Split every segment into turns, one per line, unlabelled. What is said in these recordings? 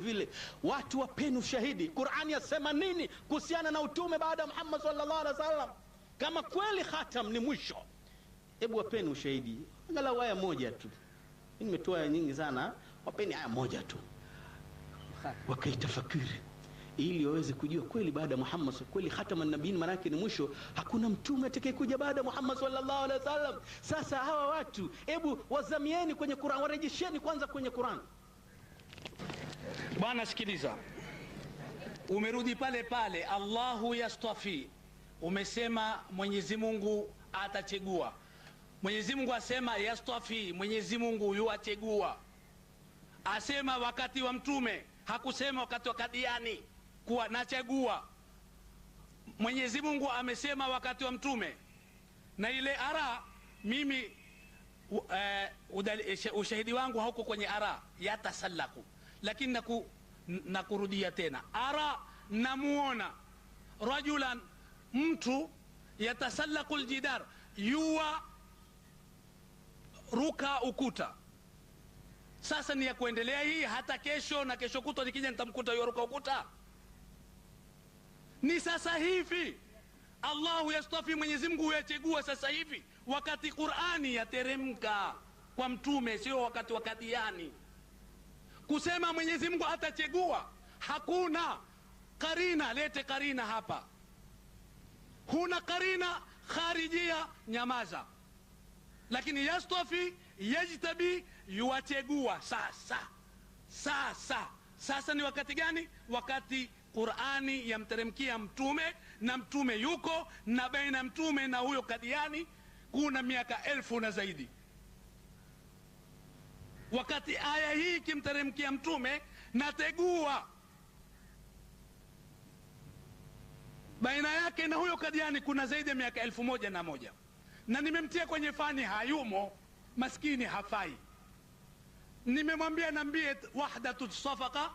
vile watu wapeni ushahidi, Qur'ani yasema nini kuhusiana na utume baada ya Muhammad sallallahu alaihi wasallam? Kama kweli khatam ni mwisho, hebu wapeni ushahidi, angalau aya moja tu. Nimetoa aya nyingi sana, wapeni aya moja tu, wakaitafakiri ili waweze kujua kweli baada ya Muhammad kweli khatama nabiini maanake ni mwisho, hakuna mtume atakayekuja baada ya Muhammad sallallahu alaihi wasallam. Sasa hawa watu, hebu wazamieni kwenye Qur'an, warejesheni kwanza kwenye Qur'an.
Bwana, sikiliza, umerudi pale pale. Allahu yastafi, umesema Mwenyezi Mungu atachegua. Mwenyezi Mungu asema yastafi, Mwenyezi Mungu yuachegua. Asema wakati wa mtume, hakusema wakati wa Kadiani kuwa nachegua Mwenyezi Mungu amesema wakati wa mtume, na ile ara mimi uh, uh, ushahidi wangu hauko kwenye ara yatasallaku lakini naku, nakurudia tena ara namuona rajulan mtu yatasallaku ljidar yuwa ruka ukuta sasa ni ya kuendelea hii hata kesho na kesho kutwa nikija nitamkuta yuwa ruka ukuta ni sasa hivi allahu yastafi mwenyezimngu huyachegua sasa hivi wakati qurani yateremka kwa mtume sio wakati wakati yani Kusema Mwenyezi Mungu atachegua, hakuna karina. Lete karina hapa. Huna karina kharijia, nyamaza. Lakini yastofi yajtabi, yuwachegua. Sasa sasa sasa ni wakati gani? Wakati Qurani yamteremkia Mtume na Mtume yuko na baina Mtume na huyo kadiani kuna miaka elfu na zaidi wakati aya hii ikimteremkia Mtume, nategua baina yake na huyo Kadiani kuna zaidi ya miaka elfu moja na moja na nimemtia kwenye fani, hayumo maskini, hafai. Nimemwambia nambie wahdatu safaka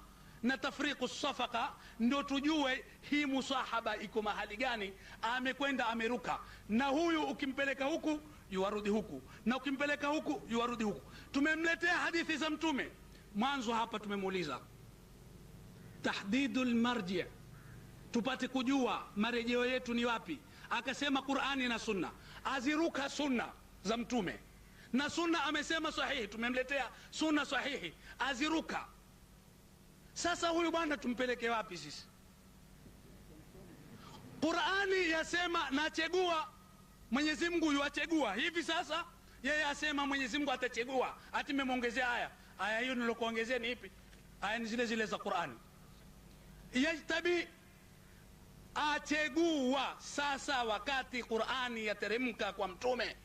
na tafriqu safaka, ndio tujue hii musahaba iko mahali gani. Amekwenda ameruka, na huyu ukimpeleka huku yuwarudi huku, na ukimpeleka huku yuwarudi huku. Tumemletea hadithi za Mtume mwanzo hapa, tumemuuliza tahdidul marji, tupate kujua marejeo yetu ni wapi. Akasema Qur'ani na Sunna, aziruka sunna za Mtume na sunna amesema sahihi, tumemletea sunna sahihi, aziruka sasa huyu bwana tumpeleke wapi sisi? Qurani yasema nachegua, Mwenyezi Mungu yuachegua hivi sasa. Yeye asema Mwenyezi Mungu atachegua, ati nimemwongezea aya. Aya hiyo nilokuongezea ni ipi? Aya ni zile zile za Qurani. Yajtabi achegua. Sasa wakati Qurani yateremka kwa Mtume,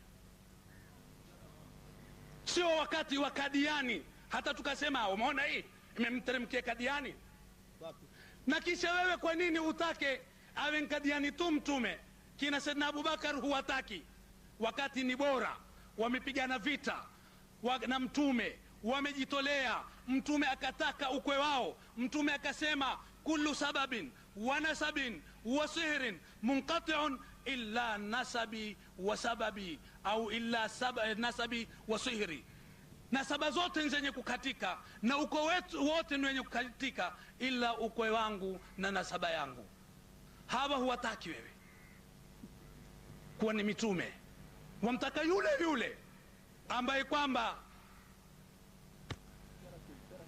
sio wakati wa Kadiani. Hata tukasema umeona hii imemteremkia kadiani na kisha wewe kwa nini utake awe nkadiani tu mtume kina Saidna Abubakar huwataki wakati ni bora wamepigana vita wa, na mtume wamejitolea mtume akataka ukwe wao mtume akasema kullu sababin wa nasabin wa sihrin munqatiun illa nasabi wa sababi au illa sab, nasabi wa sihri nasaba zote ni zenye kukatika na uko wetu wote ni wenye kukatika, ila ukwe wangu na nasaba yangu. Hawa huwataki wewe kuwa ni mitume, wamtaka yule yule ambaye kwamba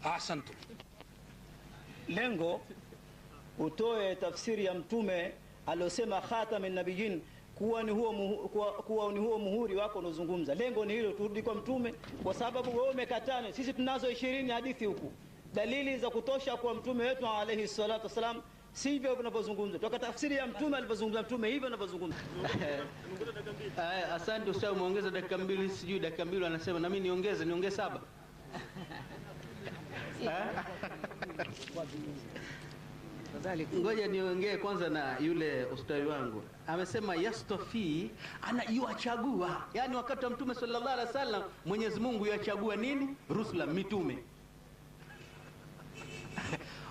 asantu,
lengo utoe tafsiri ya mtume aliosema khatamin nabiyin kuwa ni huo muhu, kuwa, kuwa ni huo muhuri wako unaozungumza. Lengo ni hilo, turudi kwa Mtume, kwa sababu wewe umekatana, sisi tunazo ishirini hadithi huku, dalili za kutosha kwa mtume wetu alayhi salatu wasalam, sivyo vinavyozungumza toka tafsiri ya mtume alivyozungumza mtume hivyo anavyozungumza. Asante ustadhi, umeongeza dakika mbili, sijui dakika mbili anasema, na mimi niongeze niongeze saba Ngoja niongee kwanza na yule ustawi wangu, amesema yastafi, ana yuachagua. Yani wakati wa Mtume sallallahu alaihi wasallam Mwenyezi Mungu yachagua nini? Rusula, mitume.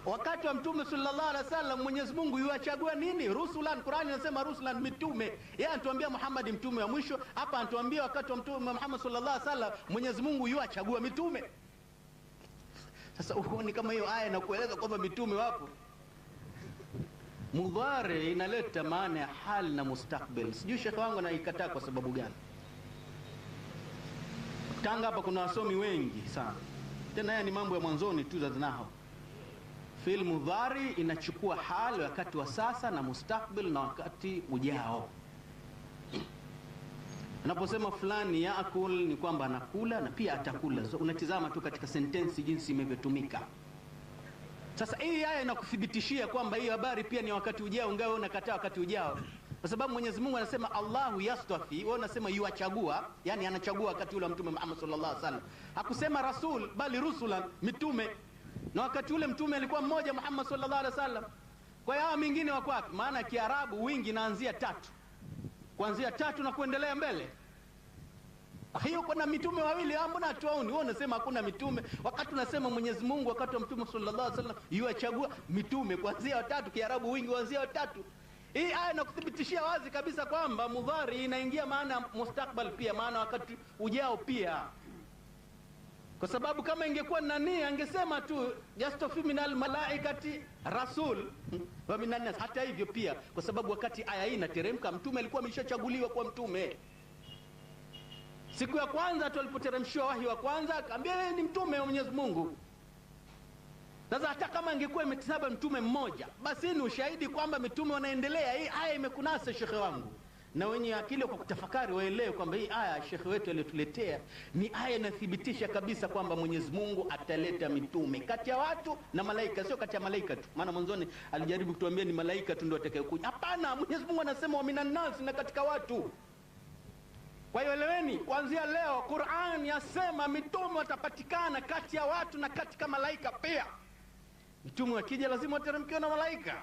wakati wa Mtume sallallahu alaihi wasallam Mwenyezi Mungu yuachagua nini? Rusulan. Qur'ani inasema rusulan, mitume. Yeye anatuambia Muhammad mtume wa mwisho, hapa anatuambia wakati wa Mtume Muhammad sallallahu alaihi wasallam Mwenyezi Mungu yuachagua mitume. Sasa uone kama hiyo aya inakueleza kwamba mitume wapo Mudhari inaleta maana ya hali na mustakbil. Sijui shekhe wangu anaikataa kwa sababu gani? Tanga hapa kuna wasomi wengi sana, tena haya ni mambo ya mwanzoni tu zazinao. Fil mudhari inachukua hali wakati wa sasa na mustakbil na wakati ujao. Unaposema fulani yakul ni kwamba anakula na pia atakula. So, unatizama tu katika sentensi jinsi imevyotumika. Sasa hii aya inakuthibitishia kwamba hii habari pia ni wakati ujao, ingawa unakataa wakati ujao, kwa sababu Mwenyezi Mungu anasema Allahu yastafi, wewe unasema yuachagua, yani anachagua wakati ule wa Mtume Muhammad sallallahu alaihi wasallam. Hakusema rasul bali rusulan, mitume. Na wakati ule mtume alikuwa mmoja, Muhammad sallallahu alaihi wasallam. Kwa hiyo hawa mingine wako wapi? Maana Kiarabu wingi naanzia tatu, kuanzia tatu na kuendelea mbele kwa hiyo kuna mitume wawili hapo na tuaoni. Wewe unasema hakuna mitume, wakati unasema Mwenyezi Mungu wakati wa Mtume sallallahu alaihi wasallam yuachagua mitume kuanzia watatu, Kiarabu wingi kuanzia watatu. Hii aya inakuthibitishia wazi kabisa kwamba mudhari inaingia maana mustakbal pia, maana wakati ujao pia, kwa sababu kama ingekuwa nani angesema tu yastafi minal malaikati rasul wa minan nas. Hata hivyo pia, kwa sababu wakati aya hii inateremka, mtume alikuwa ameshachaguliwa kuwa mtume. Siku ya kwanza tu alipoteremshiwa wahi wa kwanza, akaambia yeye ni mtume wa Mwenyezi Mungu. Sasa hata kama angekuwa imetisaba mtume mmoja, basi ni ushahidi kwamba mitume wanaendelea. Hii aya imekunasa shekhe wangu, na wenye akili kwa kutafakari waelewe kwamba hii aya shekhe wetu aliyotuletea ni aya inathibitisha kabisa kwamba Mwenyezi Mungu ataleta mitume kati ya watu na malaika, sio kati ya malaika tu. Maana mwanzoni alijaribu kutuambia ni malaika tu ndio atakayokuja. Hapana, Mwenyezi Mungu anasema wa minan na katika watu kwa hiyo eleweni, kuanzia leo Qur'an yasema mitume watapatikana kati ya watu na katika malaika pia. Mitume wakija lazima wateremkiwe na malaika.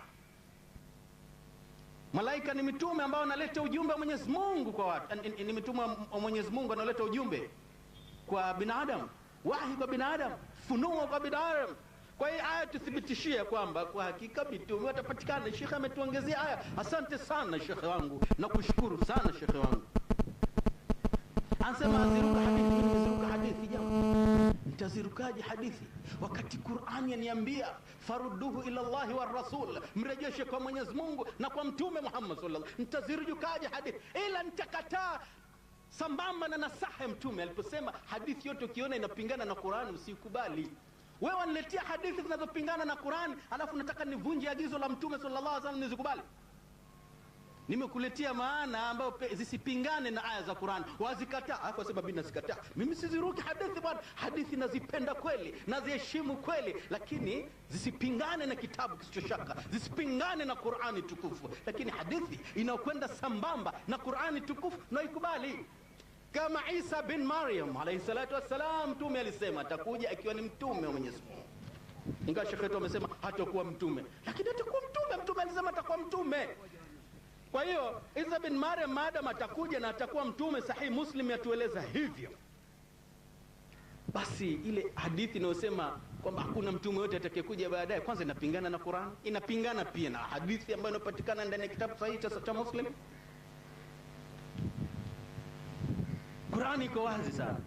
Malaika ni mitume ambao wanaleta ujumbe wa Mwenyezi Mungu kwa watu, ni mitume wa Mwenyezi Mungu analeta ujumbe kwa binadamu, wahi kwa binadamu, funuo kwa binadamu. Kwa hiyo aya tuthibitishie kwamba kwa hakika mitume watapatikana. Shekhe ametuongezea aya. Asante sana shekhe wangu, nakushukuru sana shekhe wangu. Anasema aziruka hadithi, nimeziruka hadithi jamaa, nitazirukaje hadithi wakati Qur'ani yaniambia faruduhu ila Allahi wa rasul, mrejeshe kwa Mwenyezi Mungu na kwa Mtume Muhammad sallallahu alaihi wasallam. hadithi? Ila nitakataa sambamba na nasaha ya Mtume aliposema, hadithi yote ukiona inapingana na Qur'ani usikubali. Wewe waniletea hadithi zinazopingana na Qur'ani, alafu nataka nivunje agizo la Mtume sallallahu alaihi wasallam nizikubali? nimekuletea maana ambayo zisipingane na aya za Qur'an. Wazikataa kwa sababu nazikataa mimi, siziruki hadithi bwana. Hadithi nazipenda kweli, naziheshimu kweli, lakini zisipingane na kitabu kisichoshaka, zisipingane na Qur'ani tukufu. Lakini hadithi inayokwenda sambamba na Qur'ani tukufu naikubali kama Isa bin Maryam alayhi salatu wassalam, mtume alisema atakuja akiwa ni mtume wa Mwenyezi Mungu. Ingawa shekhetu amesema hatakuwa mtume, lakini atakuwa mtume. Mtume alisema atakuwa mtume. Kwa hiyo Isa bin Maryam madam atakuja na atakuwa mtume, sahihi Muslim yatueleza hivyo, basi ile hadithi inayosema kwamba hakuna mtume yote atakayekuja baadaye, kwanza inapingana na Qur'an, inapingana pia na hadithi ambayo inapatikana ndani ya kitabu sahihi cha Muslim. Qur'ani iko wazi sana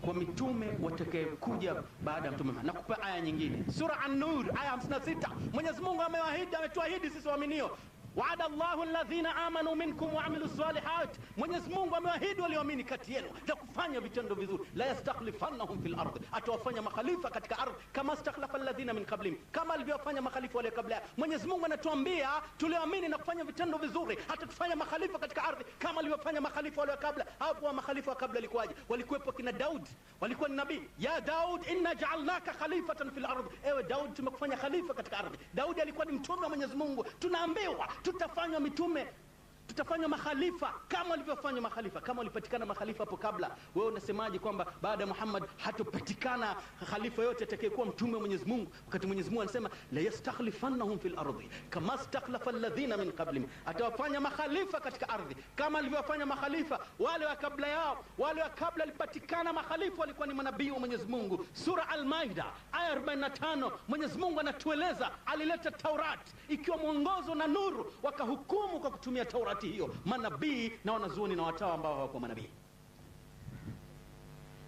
kwa mitume watakayekuja baada ya mtume. Nakupa aya nyingine, sura An-Nur aya 56. Mwenyezi Mungu amewaahidi, ametuahidi sisi waaminio Waada llahu alladhina amanu minkum waamilu salihat, Mwenyezi Mungu walioamini kati yenu vya kufanya vitendo vizuri. La yastakhlifannahum fil ardhi, atawafanya makhalifa katika ardhi, kama stakhlafa alladhina min qablihim, kama alivyowafanya makhalifa walio kabla anatuambia tulioamini na kufanya vitendo vizuri atatufanya makhalifa katika ardhi kama alivyofanya makhalifa walio Hapo wa makhalifa wa kabla alikuwaje? Walikuwepo kina Daud, walikuwa ni nabii. Ya Daud, inna ja'alnaka khalifatan fil ardhi, ewe Daud, tumekufanya khalifa katika ardhi. Daudi alikuwa ni mtume wa Mwenyezi tunaambiwa tutafanywa mitume tutafanywa makhalifa kama walivyofanywa makhalifa, kama walipatikana makhalifa hapo kabla. Wewe unasemaje kwamba baada ya Muhammad hatopatikana khalifa yote atakayekuwa mtume wa Mwenyezi Mungu, wakati Mwenyezi Mungu anasema la yastakhlifannahum fil ardi kama stakhlafa alladhina min qablihim, atawafanya makhalifa katika ardhi kama alivyowafanya makhalifa wale wa kabla yao. Wale wa kabla walipatikana makhalifa, walikuwa ni manabii wa Mwenyezi Mungu. Sura Al-Maida aya 45, Mwenyezi Mungu anatueleza alileta Taurat ikiwa mwongozo na nuru, wakahukumu kwa kutumia Taurat wakati hiyo manabii na wanazuoni na watawa ambao hawakuwa manabii.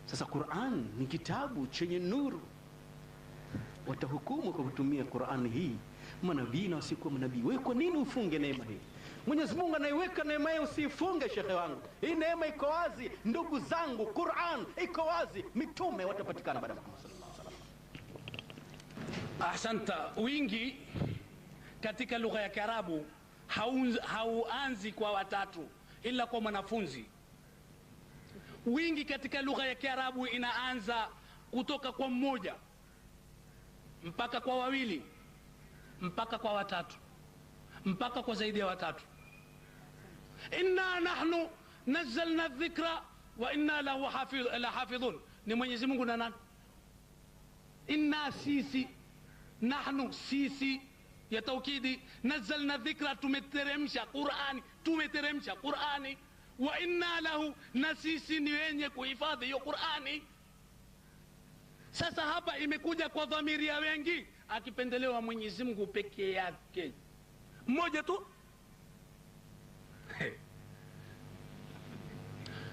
Sasa Quran ni kitabu chenye nuru, watahukumu kwa kutumia Quran hii, manabii na wasiokuwa manabii. Wewe kwa nini ufunge neema hii? Mwenyezi Mungu anaiweka neema hii usiifunge shekhe wangu. Hii neema iko wazi, ndugu zangu, Quran iko wazi, mitume watapatikana baada ya
Ahsanta, wingi katika lugha ya Kiarabu hauanzi kwa watatu ila kwa mwanafunzi. Wingi katika lugha ya Kiarabu inaanza kutoka kwa mmoja mpaka kwa wawili mpaka kwa watatu mpaka kwa zaidi ya watatu. inna nahnu nazzalna dhikra wa inna lahu lahafidhun, ni Mwenyezi Mungu na nani? Inna sisi, nahnu sisi ya taukidi, nazzalna dhikra, tumeteremsha Qurani, tumeteremsha Qurani. Wa inna lahu, na sisi ni wenye kuhifadhi hiyo Qurani. Sasa hapa imekuja kwa dhamiri ya wengi, akipendelewa Mwenyezi Mungu peke yake mmoja tu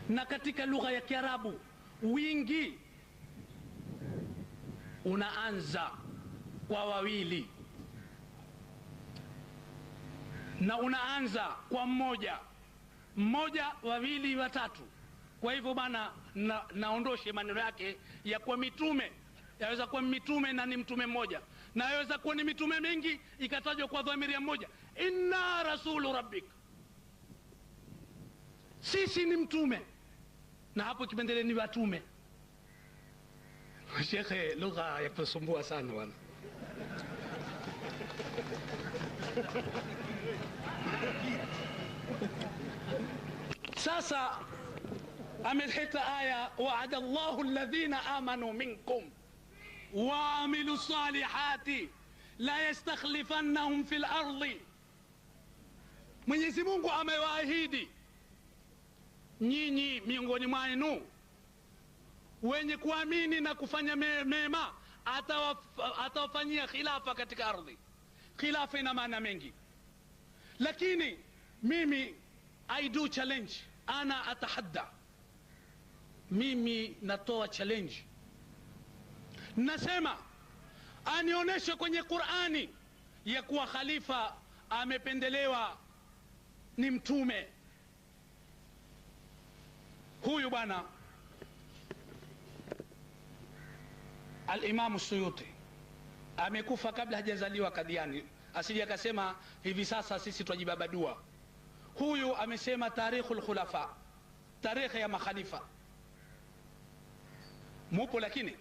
Na katika lugha ya Kiarabu wingi unaanza kwa wawili na unaanza kwa mmoja mmoja, wawili, watatu. Kwa hivyo bana na, naondoshe maneno yake ya kuwa mitume yaweza kuwa mitume na ni mtume mmoja, na yaweza kuwa ni mitume mingi ikatajwa kwa dhamiria mmoja, inna rasulu rabbik, sisi ni mtume, na hapo kipendele ni watume. Shekhe, lugha ya kusumbua sana bwana sasa amepita aya, waada Allahu alladhina amanu minkum waamilu salihati la yastakhlifannahum fil ardi, Mwenyezi Mungu amewaahidi nyinyi miongoni mwenu wenye kuamini na kufanya mema, atawafanyia khilafa katika ardhi Khilafa ina maana mengi, lakini mimi I do challenge, ana atahadda, mimi natoa challenge, nasema anionyeshe kwenye Qur'ani ya kuwa khalifa amependelewa ni mtume huyu bwana Alimamu Suyuti amekufa kabla hajazaliwa Kadiani, asije akasema hivi sasa sisi twajibabadua. Huyu amesema tarikhu lkhulafa tarikhe ya makhalifa mupo, lakini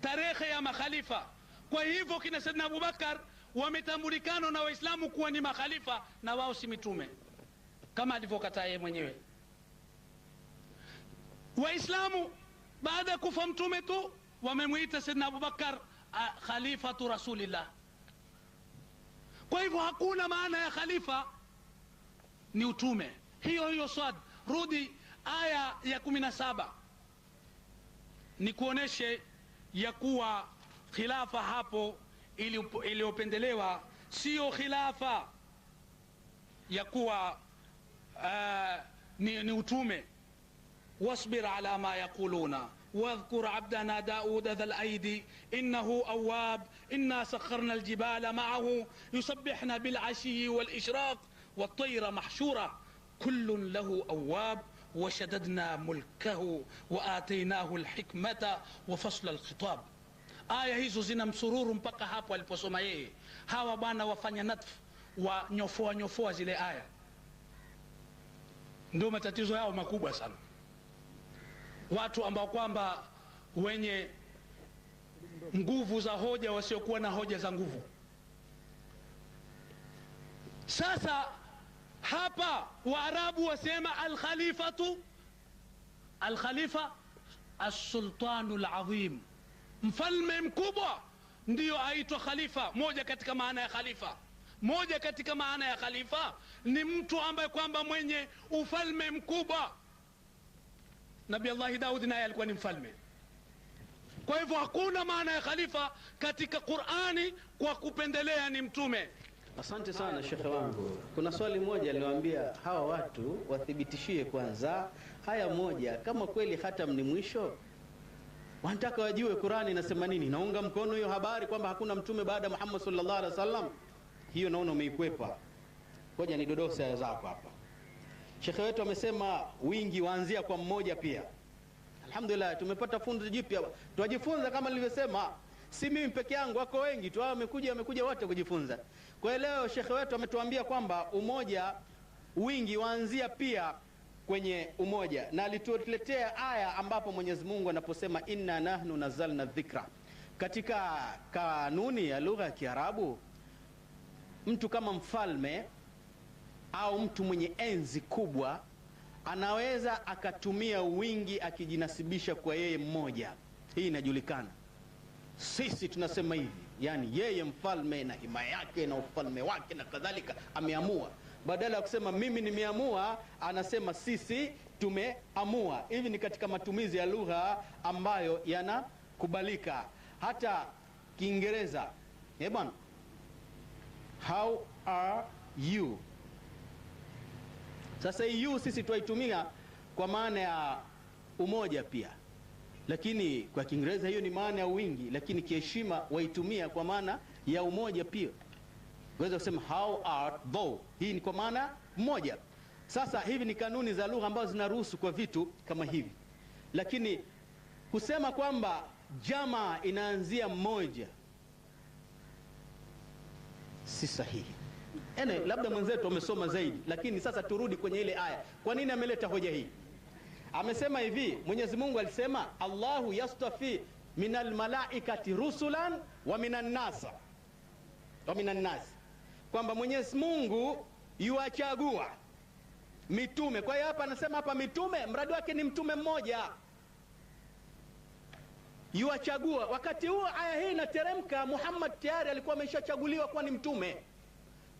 tarikhe ya makhalifa. Kwa hivyo kina Saidina Abubakar wametambulikana na Waislamu kuwa ni makhalifa na wao si mitume, kama alivyokataa yeye mwenyewe. Waislamu baada ya kufa mtume tu wamemwita Saidina Abubakar khalifatu rasulillah kwa hivyo hakuna maana ya khalifa ni utume hiyo hiyo swad rudi aya ya kumi na saba ni kuoneshe ya kuwa khilafa hapo iliyopendelewa siyo khilafa ya kuwa uh, ni, ni utume wasbir ala ma yaquluna واذكر عبدنا داود ذا الأيدي إنه أواب إنا سخرنا الجبال معه يسبحنا بالعشي والإشراق والطير محشورة كل له أواب وشددنا ملكه وآتيناه الحكمة وفصل الخطاب آية هزو زنا مسرور بقى هاب aliposoma yeye hawa bwana wafanya نطف wanyofoa nyofoa zile آية ndio matatizo yao makubwa sana watu ambao kwamba wenye nguvu za hoja wasiokuwa na hoja za nguvu. Sasa hapa Waarabu wasema alkhalifatu, alkhalifa alsultanu ladhim, mfalme mkubwa ndiyo aitwa khalifa. Moja katika maana ya khalifa, moja katika maana ya khalifa ni mtu ambaye kwamba mwenye ufalme mkubwa nabi Allahi Daudi naye alikuwa ni mfalme. Kwa hivyo hakuna maana ya khalifa katika Qur'ani kwa kupendelea ni mtume.
Asante sana shekhe wangu. Kuna swali moja aliwambia hawa watu wathibitishie kwanza haya moja, kama kweli hatam ni mwisho, wanataka wajue Qur'ani inasema nini. Naunga mkono hiyo habari kwamba hakuna mtume baada ya Muhammad sallallahu alaihi Hiyo naona umeikwepa. koja ni aya zako hapa. Shekhe wetu amesema wingi waanzia kwa mmoja pia. Alhamdulillah, tumepata funzo jipya, tunajifunza. Kama nilivyosema, si mimi peke yangu, wako wengi tu, wamekuja wamekuja wote kujifunza. Kwa leo shekhe wetu ametuambia kwamba umoja, wingi waanzia pia kwenye umoja, na alituletea aya ambapo Mwenyezi Mungu anaposema inna nahnu nazalna dhikra. Katika kanuni ya lugha ya Kiarabu, mtu kama mfalme au mtu mwenye enzi kubwa anaweza akatumia wingi akijinasibisha kwa yeye mmoja. Hii inajulikana, sisi tunasema hivi, yani yeye mfalme na hima yake na ufalme wake na kadhalika ameamua. Badala ya kusema mimi nimeamua, anasema sisi tumeamua. Hivi ni katika matumizi ya lugha ambayo yanakubalika hata Kiingereza. Eh bwana, how are you sasa EU sisi tuwaitumia kwa maana ya umoja pia, lakini kwa Kiingereza hiyo ni maana ya wingi, lakini kiheshima waitumia kwa maana ya umoja pia. Unaweza kusema how art thou, hii ni kwa maana mmoja. Sasa hivi ni kanuni za lugha ambazo zinaruhusu kwa vitu kama hivi, lakini kusema kwamba jamaa inaanzia mmoja si sahihi. Ene, labda mwenzetu amesoma zaidi, lakini sasa turudi kwenye ile aya. Kwa nini ameleta hoja hii? Amesema hivi, Mwenyezi Mungu alisema Allahu yastafi minal malaikati rusulan wa minan nas wa minan nas, kwamba Mwenyezi Mungu yuwachagua mitume. Kwa hiyo hapa anasema hapa mitume, mradi wake ni mtume mmoja yuwachagua. Wakati huo aya hii inateremka, Muhammad tayari alikuwa ameshachaguliwa kuwa ni mtume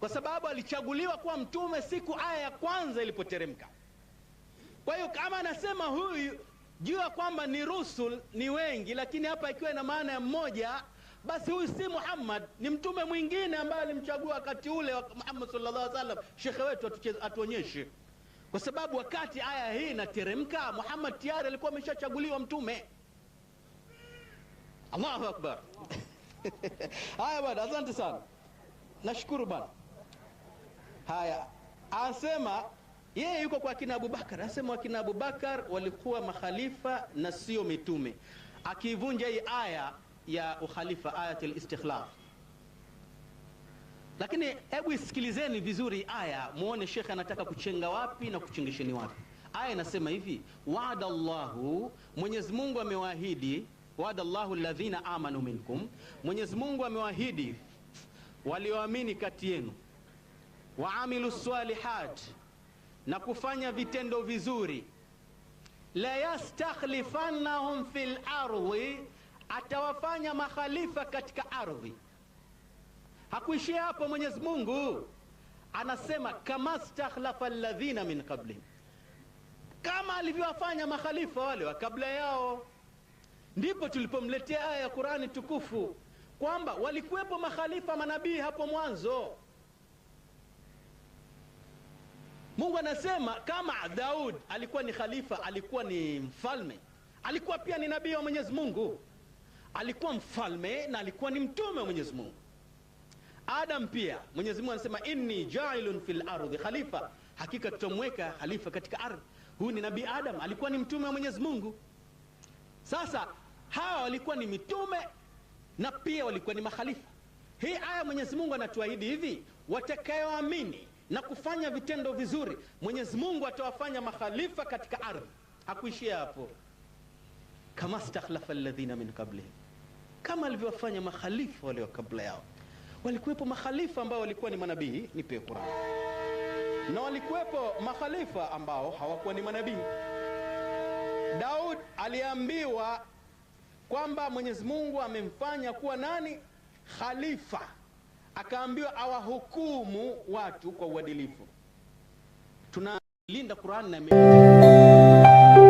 kwa sababu alichaguliwa kuwa mtume siku aya ya kwanza ilipoteremka. Kwa hiyo kama anasema huyu jua kwamba ni rusul ni wengi, lakini hapa ikiwa ina maana ya mmoja, basi huyu si Muhammad, ni mtume mwingine ambaye alimchagua wakati ule wa Muhammad sallallahu alaihi wasallam. Shekhe wetu atuonyeshe, kwa sababu wakati aya hii inateremka Muhammad tayari alikuwa ameshachaguliwa mtume. Allahu akbar! Haya bwana, asante sana, nashukuru bwana. Haya, asema yeye yuko kwa akina Abubakar, asema akina Abubakar walikuwa makhalifa na sio mitume, akivunja hii aya ya ukhalifa, ayatul istikhlaf. Lakini hebu isikilizeni vizuri aya, muone shekhe anataka kuchenga wapi na kuchengesheni wapi. Aya inasema hivi, waada llahu, Mwenyezi Mungu amewaahidi. Waada llahu alladhina amanu minkum, Mwenyezi Mungu amewaahidi walioamini kati yenu wa amilu salihat, na kufanya vitendo vizuri. La yastakhlifannahum fil ardhi, atawafanya makhalifa katika ardhi. Hakuishia hapo, Mwenyezi Mungu anasema kama stakhlafa alladhina min qablihim, kama alivyowafanya makhalifa wale wa kabla yao. Ndipo tulipomletea aya ya Qur'ani tukufu kwamba walikuwepo makhalifa manabii hapo mwanzo Mungu anasema kama Daud alikuwa ni khalifa, alikuwa ni mfalme, alikuwa pia ni nabii wa Mwenyezi Mungu, alikuwa mfalme na alikuwa ni mtume wa Mwenyezi Mungu. Adam pia Mwenyezi Mungu anasema inni jailun fil ardhi khalifa, hakika tutamweka khalifa katika ardhi. Huyu ni nabii Adam, alikuwa ni mtume wa Mwenyezi Mungu. Sasa hawa walikuwa ni mitume na pia walikuwa ni makhalifa. Hii aya Mwenyezi Mungu anatuahidi hivi, watakayoamini na kufanya vitendo vizuri, Mwenyezi Mungu atawafanya makhalifa katika ardhi. Hakuishia hapo, kama stakhlafa alladhina min qablihim, kama alivyowafanya makhalifa walio kabla yao. Walikuwepo makhalifa ambao walikuwa ni manabii, ni Qur'an, na walikuwepo makhalifa ambao hawakuwa ni manabii. Daud aliambiwa kwamba Mwenyezi Mungu amemfanya kuwa nani? Khalifa akaambiwa awahukumu watu kwa uadilifu. Tunalinda qurani na